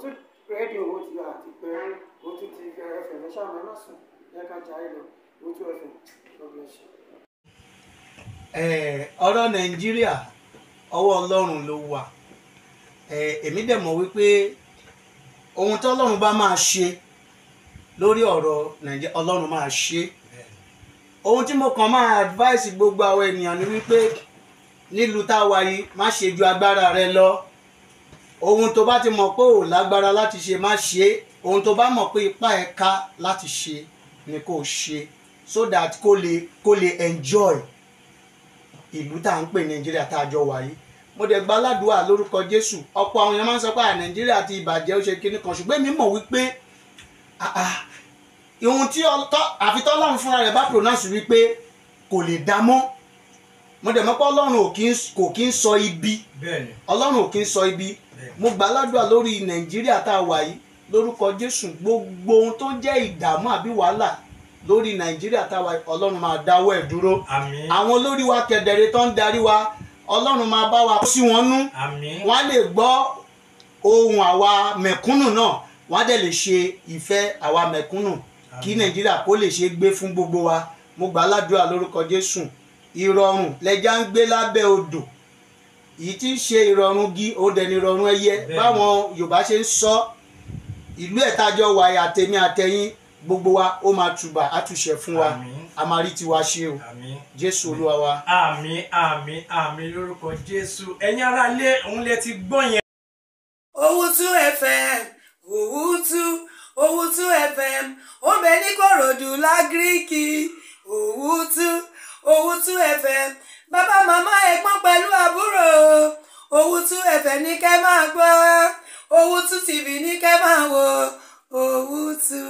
tún rédíò owó ti àti pé o tún ti fm ẹ ṣáà máa sùn lẹ́ka jàre lọ o tún fm lọ́gbọ̀n ṣe. ọ̀rọ̀ nàìjíríà ọwọ́ ọlọ́run ló wà èmi dẹ̀ mọ̀ wípé ohun tọ́lọ́run bá máa ṣe lórí ọ̀rọ̀ nàìjíríà ọlọ́run máa ṣe ohun tí mo kàn máa advice gbogbo àwọn ènìyàn ni wípé nílùú táwa yìí má ṣe ju agbára rẹ lọ ohun tó bá ti mọ̀ pé ò lágbára láti ṣe má ṣe é ohun tó bá mọ̀ pé ipá ẹ̀ ká láti ṣe ni kò ṣe so that kó lè kó lè enjoy ìlú tá à ń pè nàìjíríà tá a jọ wà yìí mo dẹ̀ gba aládùúwà lórúkọ jésù ọ̀pọ̀ àwọn èèyàn máa ń sọ pé à nàìjíríà ti ìbàjẹ́ ó ṣe kinní kan ṣùgbọ́n èmi mọ̀ wípé ohun tí àfitọ́ láwọn fúnra rẹ̀ bá pronounce wípé kò lè dá mọ́ mo dẹ̀ mọ̀ pé ọlọ́run kò kí ń sọ ibi ọlọ́run ò kí ń sọ ibi mo gbà ládùúgbà lórí nàìjíríà tá a wà yìí lórúkọ jésù gbogbo ohun tó jẹ́ ìdààmú àbí wàhálà lórí nàìjíríà tá a wà yìí ọlọ́run máa dáwọ́ ẹ̀ dúró àwọn olórí wa kẹ̀dẹ̀rẹ̀ tó ń darí wa ọlọ́run máa bá wa sí wọn nú wọn á lè gbọ́ ohun àwa mẹ̀kúnnù náà wọn á dẹ̀ lè ṣe ìfẹ́ àwa mẹ̀kúnnù kí nàìjíríà kó lè ṣe gbé fún gbogbo wa mo gbà ládùúgbà lórúkọ jésù ìrọ̀rùn lẹ́jà ń gbé lábẹ́ odò èyí tí ṣe ìrọ̀rùn gi ó ẹyẹ báwọn Yorùbá ṣe ń sọ ìlú ẹ̀tajọ wàyí àtẹ̀mí àtẹ̀yìn gbogbo wa ó máa tùbà àtúnṣe fún wa a máa rí ṣe o Jésù Olúwa wa. àmín àmín àmín lórúkọ Jésù ẹ̀yin ará lé òun lè ti gbọ́ yẹn. Owutu FM Owutu Owutu FM ó bẹ ní Kòròdú lágíríkì Owutu. Owutu FM bàbá màmá ẹ̀gbọ́n pẹ̀lú àbúrò Owutu FM ní kẹ́ máa gbọ́ Owutu TV ní kẹ́ máa wò Owutu.